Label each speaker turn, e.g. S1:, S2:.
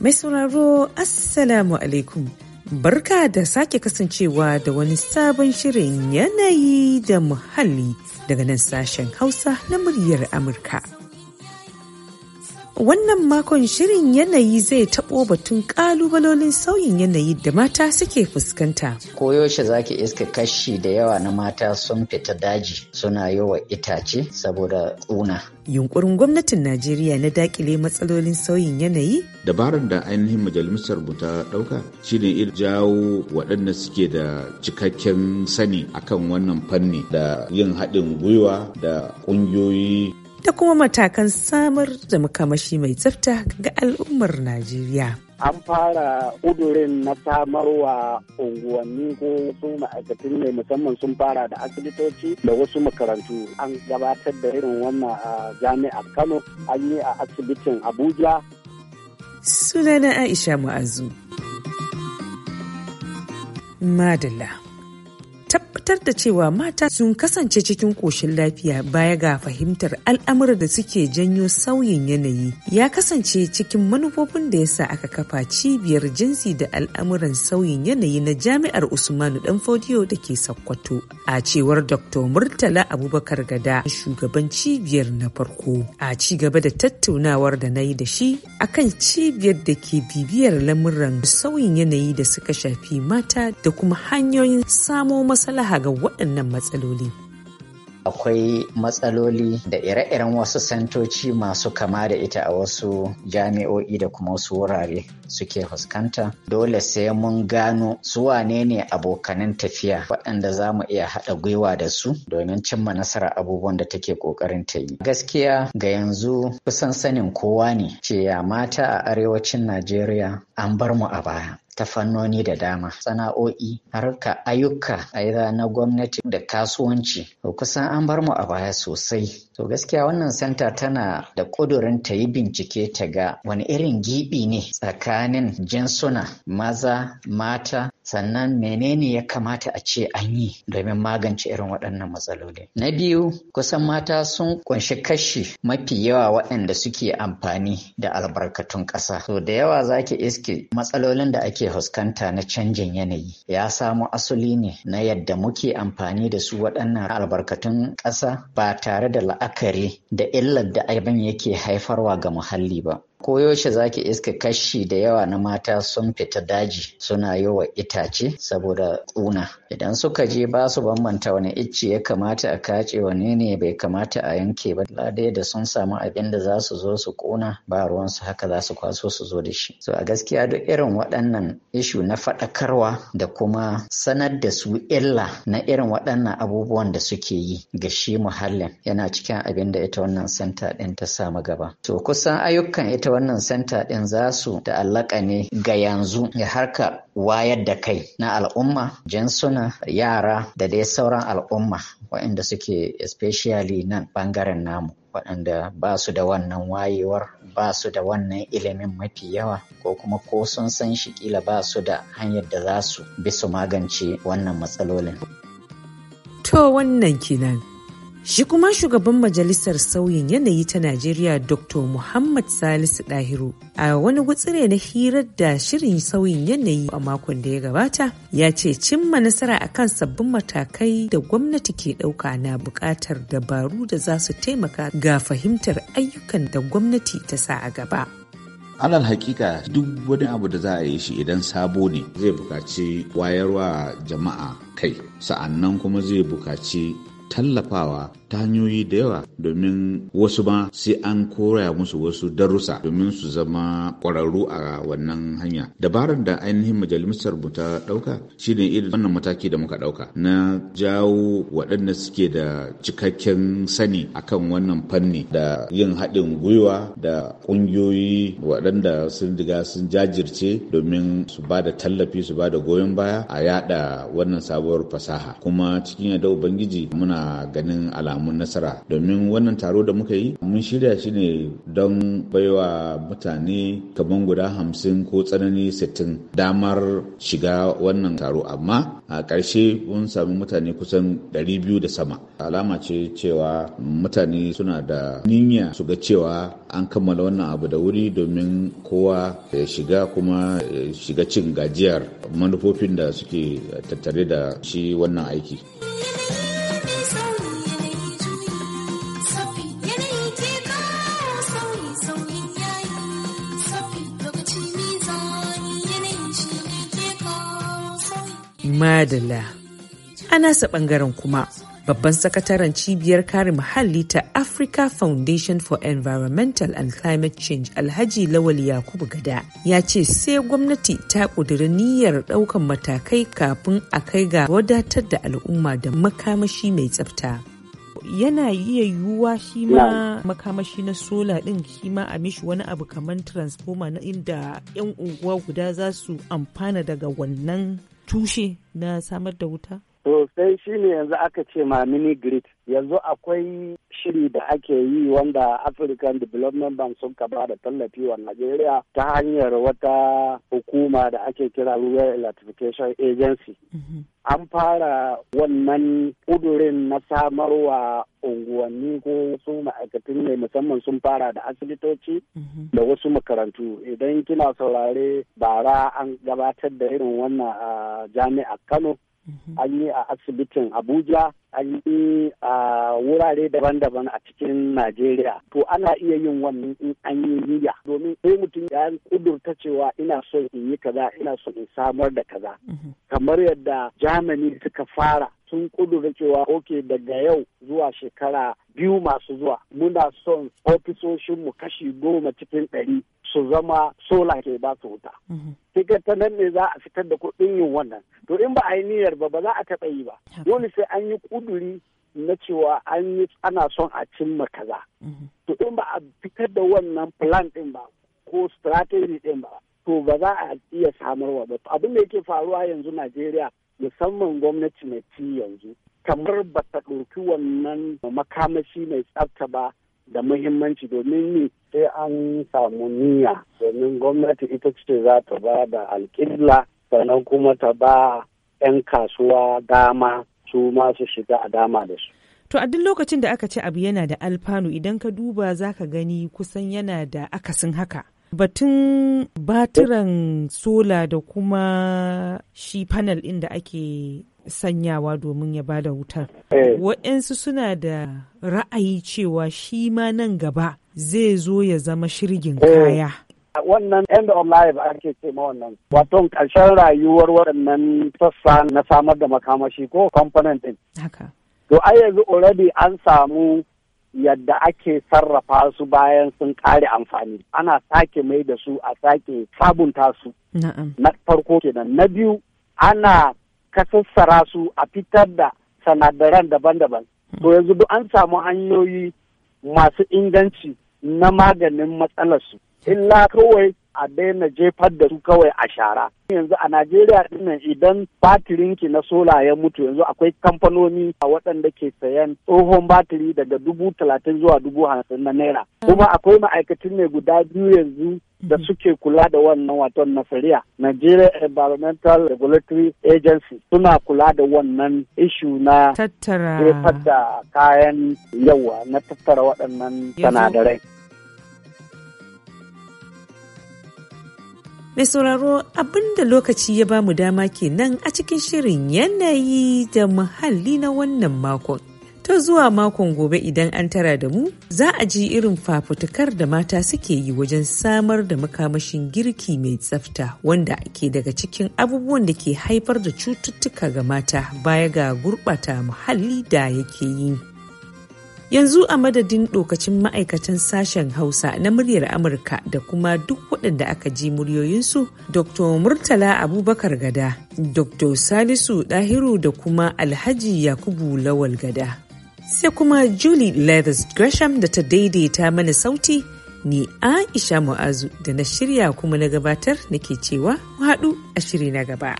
S1: Mai sauraro Assalamu alaikum. Barka da sake kasancewa da wani sabon shirin yanayi da muhalli daga nan sashen Hausa na muryar Amurka. Wannan makon shirin yanayi zai taɓo batun ƙalubalolin sauyin yanayi da mata suke fuskanta.
S2: za ki iska kashi da yawa na mata sun fita daji suna yawa itace saboda ƙuna.
S1: Yunkurin gwamnatin Najeriya na dakile matsalolin sauyin yanayi?
S2: Dabarar
S3: da ainihin majalisar mu ta ɗauka shine iri jawo waɗanda suke da cikakken sani akan wannan fanni da yin haɗin gwiwa da ƙungiyoyi
S1: da kuma matakan samar da makamashi mai tsafta ga al'ummar Najeriya.
S4: an fara ƙudurin na samarwa unguwanni ko wasu ma'aikatan ne musamman sun fara da asibitoci da wasu makarantu an gabatar da irin wannan a jami'ar kano an yi a asibitin abuja
S1: sunana aisha ma'azu madalla tabbatar da cewa mata sun kasance cikin koshin lafiya baya ga fahimtar al'amura da suke janyo sauyin yanayi ya kasance cikin manufofin da ya sa aka kafa cibiyar jinsi da al'amuran sauyin yanayi na jami'ar usmanu danfodiyo da ke sakkwato a cewar dr murtala abubakar gada shugaban cibiyar na farko a ci gaba da tattaunawar da na yi da shi akan cibiyar da ke bibiyar lamuran sauyin yanayi da suka shafi mata da kuma hanyoyin samo maslaha maslaha ga waɗannan matsaloli.
S2: akwai matsaloli da ire-iren wasu santoci masu kama da ita a wasu jami'o'i da kuma wasu wurare suke fuskanta dole sai mun gano su wanene ne abokanan tafiya waɗanda za mu iya haɗa gwiwa da su domin cimma nasara abubuwan da take ƙoƙarin ta yi gaskiya ga yanzu kusan sanin kowa ne ce ya mata a arewacin najeriya an bar mu a baya ta fannoni da dama sana'o'i harka ayyuka aida na gwamnati da kasuwanci kusan an bar mu a baya sosai To gaskiya wannan santa tana da ƙudurin ta yi bincike ta ga wani irin giɓi ne tsakanin jinsuna maza mata sannan menene ya kamata a ce an yi domin magance irin waɗannan matsaloli. Na biyu kusan mata sun kunshi kashi mafi yawa waɗanda suke amfani da albarkatun ƙasa. To da yawa za ki iske matsalolin da ake fuskanta na canjin yanayi ya samo asali ne na yadda muke amfani da su waɗannan albarkatun ƙasa ba tare da la'a la'akari da illar da abin yake haifarwa ga muhalli ba. Koyaushe za ki iska kashi da yawa na mata sun fita daji suna yi wa itace saboda ƙuna. idan suka je ba su bambanta wani icce ya kamata a kace wani ne bai kamata a yanke ba ladai da sun samu abin da za su zo su kona ba ruwansu haka za su kwaso su zo da shi so a gaskiya duk irin waɗannan ishu na faɗakarwa da kuma sanar da su illa na irin waɗannan abubuwan da suke yi ga shi muhallin yana cikin abin da ita wannan senta ɗin ta samu gaba to kusan ayyukan ita wannan senta ɗin za su ta'allaka ne ga yanzu ya harka wayar da kai na al'umma jinsuna yara da dai sauran al'umma waɗanda suke especially nan ɓangaren namu waɗanda ba su da wannan wayewar ba su da wannan ilimin mafi yawa ko kuma ko sun san shi kila ba su da hanyar da za su bi su magance wannan matsalolin.
S1: To wannan kinan. Shi kuma shugaban Majalisar Sauyin Yanayi ta Najeriya Dr. Muhammad Salisu Dahiru a wani gutsire na hirar da shirin sauyin yanayi a makon da ya gabata ya ce cimma nasara kan sabbin matakai da gwamnati ke ɗauka na buƙatar dabaru da za su taimaka ga fahimtar ayyukan da gwamnati ta sa a gaba.
S3: alal hakika duk wani abu da za a yi shi idan sabo ne zai bukaci wayarwa jama'a kai sa'annan kuma zai bukaci tallafawa ta hanyoyi da yawa domin wasu ma sai an koraya musu wasu darussa domin su zama ƙwararru a wannan hanya dabarar da ainihin majalisar mu ta ɗauka shine irin wannan mataki da muka ɗauka na jawo waɗanda suke da cikakken sani akan wannan fanni da yin haɗin gwiwa da ƙungiyoyi waɗanda sun riga sun jajirce domin su ba da tallafi su ba da goyon baya a yada wannan sabuwar fasaha kuma cikin yadda ubangiji muna muna ganin alamun nasara domin wannan taro da muka yi mun shirya shi ne don baiwa mutane kaman guda hamsin ko tsanani sittin damar shiga wannan taro amma a ƙarshe mun sami mutane kusan 200 da sama alama ce cewa mutane suna da niyya su ga cewa an kammala wannan abu da wuri domin kowa ya shiga kuma shiga cin gajiyar manufofin da suke tattare da shi wannan aiki.
S1: Madala. A nasa ɓangaren kuma, babban sakataren cibiyar kare muhalli ta Africa Foundation for Environmental and Climate Change Alhaji Lawal Yakubu Gada ya ce sai gwamnati ta ƙudiri niyyar ɗaukan matakai kafin a kai ga wadatar da al'umma da makamashi mai tsafta. yana iya yiwuwa shi ma makamashi na sola din shi ma a mishi wani abu kamar transformer na inda 'yan unguwa guda za su amfana daga wannan tushe na samar da wuta
S4: To sai shi ne yanzu aka ce ma mini grid. Yanzu akwai shiri da ake yi wanda African Development Bank sun ba da tallafi wa Najeriya ta hanyar wata hukuma da ake kira Rural Electrification Agency. Mhm. An fara wannan kudurin na samarwa unguwanni ko wasu ma'aikatan ne musamman sun fara da asibitoci mhm. da wasu makarantu. Idan kina saurare bara an gabatar da irin wannan a jami'a Kano. Mhm. an yi a asibitin abuja an yi a wurare daban-daban a cikin najeriya to ana iya yin wannan in an yi niyya domin sai mutum ya kudurta cewa ina so in yi kaza ina so in samar da kaza mhm. kamar yadda germany suka fara sun kudura cewa ok daga yau zuwa shekara biyu masu zuwa muna son ofisoshinmu kashi goma cikin ɗari su zama sola ke ba su wuta. Mhm. Tiket ta nan ne za a fitar da kuɗin yin wannan. To in ba a yi niyyar ba ba za a taɓa yi ba. Dole sai an yi kuduri na cewa an yi ana son a cimma kaza. Mhm. To in ba a fitar da wannan plan ɗin ba ko strategy din ba to ba za a iya samarwa ba. Abin da yake faruwa yanzu Najeriya musamman gwamnati mai ci yanzu kamar ba ta ɗauki wannan makamashi mai tsafta ba da muhimmanci domin ni sai an samu niyya domin gwamnati ita ce za ta ba da alƙibla sannan kuma ta ba 'yan kasuwa dama su masu shiga a dama da su.
S1: To a duk lokacin da aka ce abu yana da alfanu idan ka duba za ka gani kusan yana da akasin haka. Batun batiran sola da kuma shi panel inda ake sanyawa domin ya bada wutar. Eh. Waɗansu suna da ra'ayi cewa shi ma nan gaba zai zo ya zama shirgin eh. kaya. wannan end of life
S4: ake ce ma wannan wato ƙarshen rayuwar waɗannan sassa na samar da makamashi ko component din haka to ai yanzu already an samu yadda ake sarrafa su bayan sun kare amfani ana sake mai da su a sake sabunta su na farko kenan na biyu ana ka sassara su a fitar da sanadaran daban-daban hmm. to yanzu duk an samu hanyoyi masu inganci na maganin matsalarsu illa kawai a daina jefar da su kawai a shara yanzu a najeriya dinnan idan batirinki na sola ya mutu yanzu akwai kamfanoni a waɗanda ke sayan tsohon batiri daga dubu talatin zuwa dubu hamsin na naira hmm. kuma akwai ma'aikacin ne guda biyu yanzu da mhm. suke kula da wannan waton na fariya Nigeria Environmental Regulatory Agency suna kula da wannan ishu na
S1: tattara
S4: da kayan yawa na tattara waɗannan sanadarai.
S1: Mai sauraro abinda lokaci ya ba mu dama kenan a cikin shirin yanayi da muhalli na wannan makon. Ta zuwa makon gobe idan an tara da mu, za a ji irin fafutukar da mata suke yi wajen samar da makamashin girki mai tsafta wanda ke daga cikin abubuwan da ke haifar da cututtuka ga mata baya ga gurɓata muhalli da yake yi. Yanzu a madadin ɗokacin ma'aikatan sashen Hausa na muryar Amurka da kuma duk waɗanda aka ji muryoyinsu, Dr. Murtala Abubakar Gada, Dr. Salisu Ɗahiru da kuma Alhaji Yakubu Lawal Gada. sai kuma Julie Leathers Gresham da ta daidaita mana sauti ni Aisha Mu'azu da na shirya kuma na gabatar nake cewa mu haɗu a shiri na gaba.